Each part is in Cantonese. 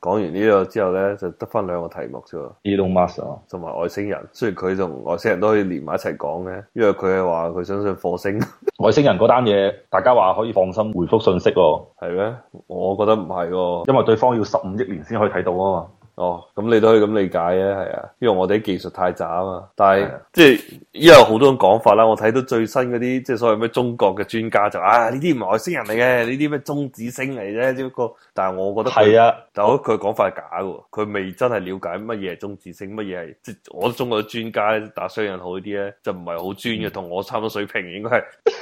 .講完呢個之後呢，就得翻兩個題目啫，伊隆馬斯啊，同埋外星人。雖然佢同外星人都可以連埋一齊講嘅，因為佢係話佢相信火星外星人嗰單嘢， 大家話可以放心回覆信息喎。哦。係咩？我覺得唔係喎，因為對方要十五億年先可以睇到啊嘛。哦，咁你都可以咁理解嘅，係啊，因為我哋技術太渣啊嘛。但係即係，因為有好多講法啦。我睇到最新嗰啲，即係所謂咩中國嘅專家就啊，呢啲唔係外星人嚟嘅，呢啲咩中子星嚟啫，只不過。但係我覺得係啊，但係我覺得佢講法係假喎，佢未真係了解乜嘢係中子星，乜嘢係即係我中國嘅專家打商人好啲咧，就唔係好專嘅，同、嗯、我差唔多水平應該係。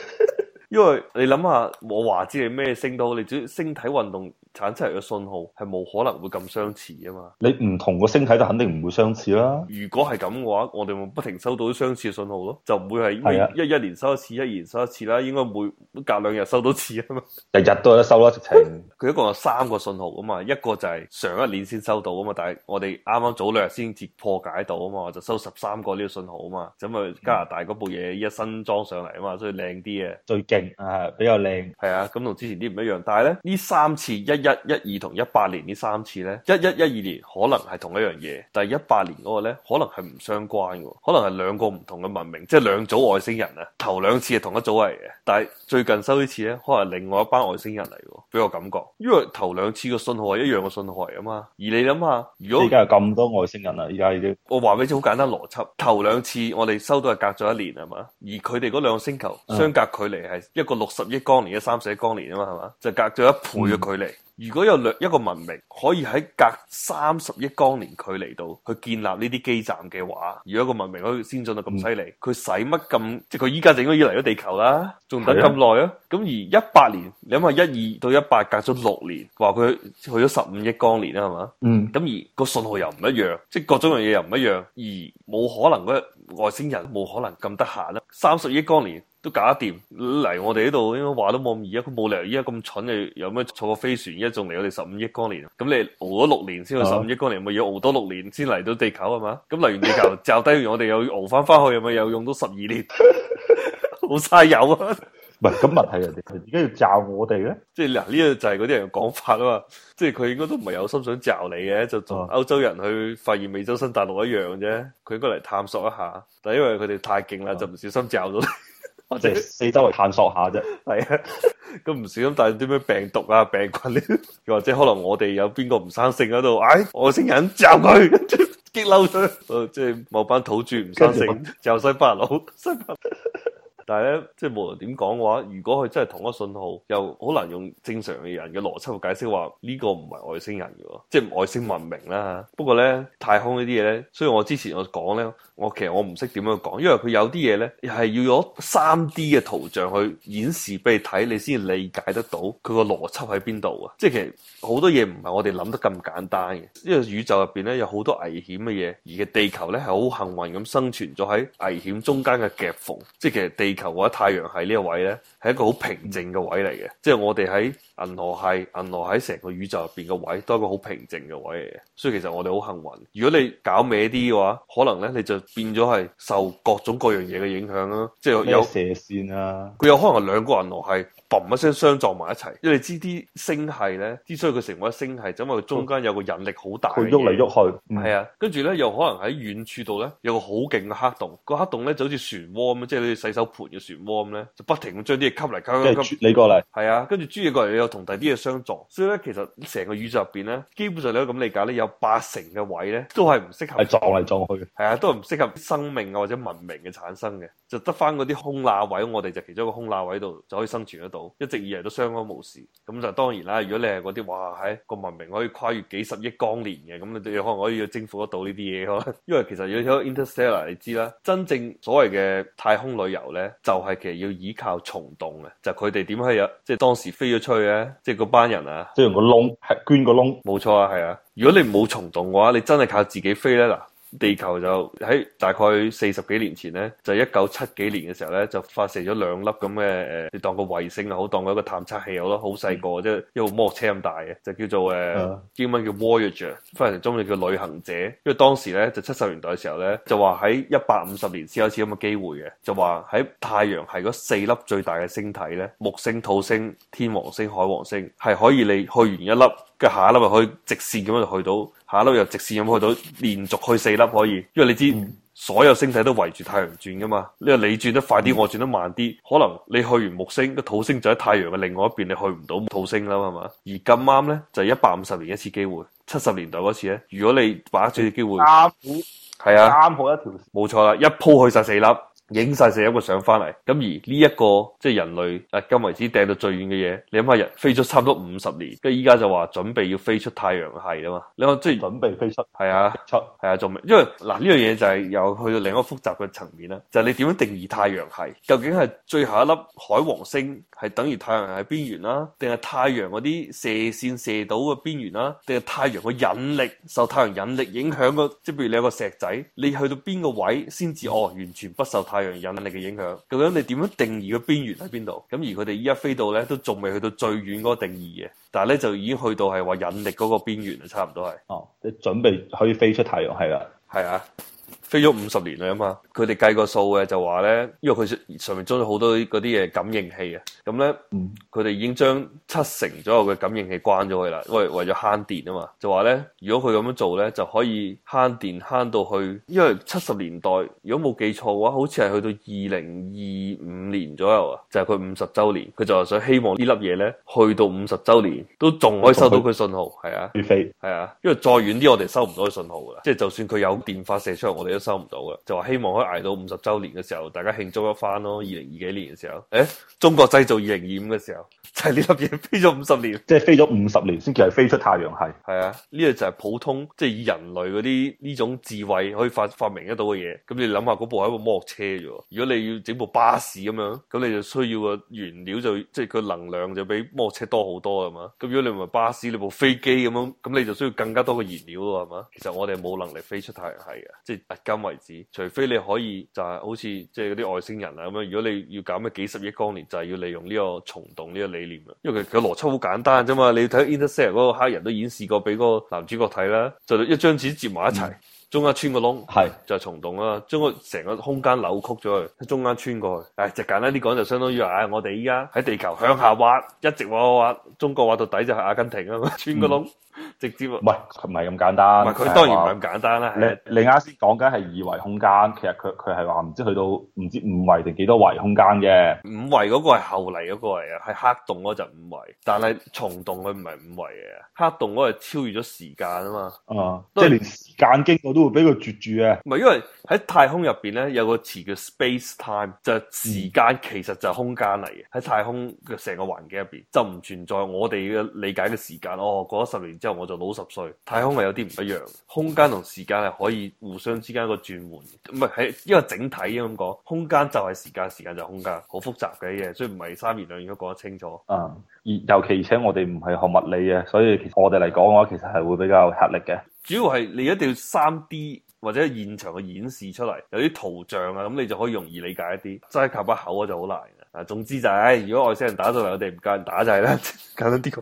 因為你諗下，我話知你咩星都好，你主要星體運動產生嚟嘅信號係冇可能會咁相似啊嘛。你唔同個星體就肯定唔會相似啦。如果係咁嘅話，我哋會不停收到相似嘅信號咯。就唔會係一一年收一次，一年收一次啦。應該每隔兩日收到一次啊嘛。日日都有得收啦，直情。佢一共有三個信號啊嘛，一個就係上一年先收到啊嘛，但係我哋啱啱早兩日先至破解到啊嘛，就收十三個呢個信號啊嘛。咁啊，加拿大嗰部嘢一新裝上嚟啊嘛，所以靚啲嘅最勁。誒，比較靚係啊，咁同之前啲唔一樣。但係咧呢三次一一一二同一八年呢三次呢，一一一二年可能係同一樣嘢，但係一八年嗰個呢，可能係唔相關嘅，可能係兩個唔同嘅文明，即係兩組外星人啊。頭兩次係同一組嚟嘅，但係最近收呢次呢，可能係另外一班外星人嚟，俾我感覺。因為頭兩次嘅信號係一樣嘅信號嚟啊嘛。而你諗下，如果而家係咁多外星人啦，而家已經我話俾你知好簡單邏輯，頭兩次我哋收到係隔咗一年係嘛，而佢哋嗰兩個星球相隔距離係、嗯。一個六十億光年，一個三十億光年啊嘛，係嘛？就隔咗一倍嘅距離、嗯。如果有兩一個文明可以喺隔三十億光年距離度去建立呢啲基站嘅話，如果一個文明可以先進到咁犀利，佢使乜咁？即係佢依家整咗以嚟咗地球啦，仲等咁耐啊？咁而一八年，你諗下一二到一八隔咗六年，話佢去咗十五億光年啦，係嘛？嗯。咁而個信號又唔一樣，即係各種樣嘢又唔一樣，而冇可能外星人冇可能咁得閒啦，三十億光年。都搞掂嚟我哋呢度，應該話都冇咁易啊！佢冇理由而家咁蠢，你有咩坐個飛船一仲嚟我哋十五億光年？咁你熬咗六年先去十五億光年，咪、啊、要熬多六年先嚟到地球係嘛？咁嚟完地球， 罩低完我哋又熬翻翻去，有咪又用到十二年，好嘥油啊！唔係咁問題人，人哋而家要罩我哋咧，即係嗱，呢個就係嗰啲人嘅講法啊嘛！即係佢應該都唔係有心想罩你嘅，就同歐洲人去發現美洲新大陸一樣啫。佢應該嚟探索一下，但係因為佢哋太勁啦，就唔小心罩咗你 我即、yes, 四周圍探索下啫，係 啊，咁唔小心帶咗啲咩病毒啊病菌呢，又或者可能我哋有邊個唔生性喺度，哎，外星人嚼佢激嬲佢，即係某班土著唔生性，就西班牙佬。西班牙佬但係咧，即係無論點講嘅話，如果佢真係同一個信號，又好難用正常嘅人嘅邏輯去解釋話呢個唔係外星人嘅喎，即係外星文明啦。不過咧，太空呢啲嘢咧，所以我之前我講咧，我其實我唔識點樣講，因為佢有啲嘢咧係要攞三 D 嘅圖像去演示俾你睇，你先理解得到佢個邏輯喺邊度啊！即係其實好多嘢唔係我哋諗得咁簡單嘅，因為宇宙入邊咧有好多危險嘅嘢，而地球咧係好幸運咁生存咗喺危險中間嘅夾縫，即係其實地球或者太陽系呢個位咧，係一個好平靜嘅位嚟嘅，即係我哋喺銀河系銀河喺成個宇宙入邊嘅位，都係一個好平靜嘅位嚟嘅。所以其實我哋好幸運。如果你搞歪啲嘅話，可能咧你就變咗係受各種各樣嘢嘅影響啦。即係有射線啊，佢有可能係兩個銀河系嘣一聲相撞埋一齊。因為你知啲星系咧之所以佢成為星系，就因為佢中間有個引力好大。佢喐嚟喐去。係、嗯、啊，跟住咧又可能喺遠處度咧有個好勁嘅黑洞，個黑洞咧就好似漩渦咁，即係你哋洗手盤。要漩渦咁咧，就不停咁將啲嘢吸嚟，吸吸你過嚟，係啊，跟住豬嘢過嚟，又同第啲嘢相撞，所以咧，其實成個宇宙入邊咧，基本上你可以咁理解咧，有八成嘅位咧，都係唔適合，係撞嚟撞去，係啊，都係唔適合生命啊或者文明嘅產生嘅，就得翻嗰啲空罅位，我哋就其中一個空罅位度就可以生存得到，一直以嚟都相安無事。咁就當然啦，如果你係嗰啲，哇，喺、哎、個文明可以跨越幾十億光年嘅，咁你可能可以要征服得到呢啲嘢，可能因為其實有啲 interstellar 你知啦，真正所謂嘅太空旅遊咧。就是其實要依靠蟲洞嘅就佢哋點去有，即、就、係、是、當時飛咗出去咧，即、就是嗰班人啊，即係個窿係捐個窿，冇錯啊，係啊，如果你冇蟲洞嘅話，你真係靠自己飛呢嗱。地球就喺大概四十幾年前咧，就一九七幾年嘅時候咧，就發射咗兩粒咁嘅誒，你當個衛星又好，當個一個探測器又好咯，好細個，即係一部摩托車咁大嘅，就叫做誒英文叫 Voyager，非常中文叫旅行者。因為當時咧就七十年代嘅時候咧，就話喺一百五十年先有一次咁嘅機會嘅，就話喺太陽系嗰四粒最大嘅星體咧，木星、土星、天王星、海王星係可以你去完一粒。下一粒又可以直線咁樣去到，下一粒又直線咁去到，連續去四粒可以，因為你知、嗯、所有星體都圍住太陽轉㗎嘛。因為你轉得快啲、嗯，我轉得慢啲，可能你去完木星個土星就喺太陽嘅另外一邊，你去唔到土星啦，係嘛？而咁啱呢，就係一百五十年一次機會，七十年代嗰次咧，如果你把握住機會，啱好，係啊，啱好一條，冇錯啦，一鋪去晒四粒。影晒成一個相翻嚟，咁而呢、這、一個即係、就是、人類啊今為止掟到最遠嘅嘢，你諗下人飛咗差唔多五十年，跟住依家就話準備要飛出太陽系啦嘛？你話即係準備飛出，係啊，出係啊做咩？啊？因為嗱呢樣嘢就係又去到另一個複雜嘅層面啦，就係、是、你點樣定義太陽系？究竟係最後一粒海王星係等於太陽系邊緣啦、啊，定係太陽嗰啲射線射到嘅邊緣啦、啊，定係太陽嘅引力受太陽引力影響嘅即係譬如你有個石仔，你去到邊個位先至哦完全不受太太陽引力嘅影響，究竟你點樣定義個邊緣喺邊度？咁而佢哋依家飛到咧，都仲未去到最遠嗰個定義嘅，但係咧就已經去到係話引力嗰個邊緣啦，差唔多係。哦，你準備可以飛出太陽系啦？係啊。是的飛咗五十年啦嘛，佢哋計過數嘅就話咧，因為佢上面裝咗好多嗰啲嘅感應器啊，咁咧，佢哋已經將七成左右嘅感應器關咗佢啦，因為為咗慳電啊嘛，就話咧，如果佢咁樣做咧，就可以慳電慳到去，因為七十年代如果冇記錯嘅話，好似係去到二零二五年左右啊，就係佢五十周年，佢就係想希望呢粒嘢咧，去到五十周年都仲可以收到佢信號，係啊，飛，係啊，因為再遠啲我哋收唔到佢信號噶啦，即係就算佢有電發射出嚟，我哋收唔到啦，就話希望可以挨到五十周年嘅時候，大家慶祝一番咯、哦。二零二幾年嘅時候，誒、哎，中國製造二零二五嘅時候，就係呢粒嘢飛咗五十年，即、就、係、是、飛咗五十年先叫係飛出太陽系。係啊，呢、這個就係普通，即、就、係、是、以人類嗰啲呢種智慧可以發發明得到嘅嘢。咁你諗下，嗰部係一個摩托車啫。如果你要整部巴士咁樣，咁你就需要個原料就即係佢能量就比摩托車多好多啊嘛。咁如果你唔係巴士你部飛機咁樣，咁你就需要更加多嘅燃料啊嘛。其實我哋冇能力飛出太陽系嘅，即係。今為止，除非你可以就係好似即係嗰啲外星人啊咁樣，如果你要減咩幾十億光年，就係要利用呢個蟲洞呢個理念啊，因為佢佢個邏輯好簡單啫嘛，你睇《Interstellar》嗰個黑人都演示過俾嗰個男主角睇啦，就一張紙接埋一齊。嗯中間穿個窿，係就係蟲洞啦，將個成個空間扭曲咗，去中間穿過去。唉、哎，就簡單啲講，就相當於話，我哋依家喺地球向下挖，一直挖，挖，挖，中國挖到底就係阿根廷啊嘛， 穿個窿、嗯，直接。唔係唔係咁簡單，唔係，佢當然唔係咁簡單啦、啊啊。你你啱先講緊係二維空間，其實佢佢係話唔知去到唔知五維定幾多維空間嘅。五維嗰個係後嚟嗰、那個嚟啊，係黑洞嗰就五維，但係蟲洞佢唔係五維嘅，黑洞嗰係超越咗時間啊嘛。啊、嗯，即係連時間經過都會俾佢絕住啊！唔係，因為喺太空入邊咧有個詞叫 space time，就係時間、嗯、其實就係空間嚟嘅。喺太空嘅成個環境入邊，就唔存在我哋嘅理解嘅時間。哦，過咗十年之後，我就老十歲。太空係有啲唔一樣，空間同時間係可以互相之間一個轉換的，唔係喺因為整體咁講，空間就係時間，時間就係空間，好複雜嘅嘢，所以唔係三言兩語都講得清楚。啊、嗯，而尤其而且我哋唔係學物理嘅，所以我哋嚟講嘅話，其實係會比較吃力嘅。主要係你一定要三 D 或者現場嘅演示出嚟，有啲圖像啊，咁你就可以容易理解一啲。真係靠把口啊，就好難啊。啊，總之就係、是，如果外星人打到嚟，我哋唔夠人打就係、是、啦。簡單啲講，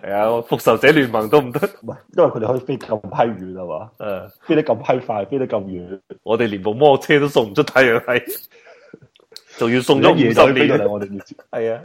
係啊，復仇者聯盟都唔得，唔係，因為佢哋可以飛咁批遠係嘛？誒， 飛得咁批快，飛得咁遠，我哋連部摩托車都送唔出太陽系，仲要送咗五十年 我哋呢？ 啊。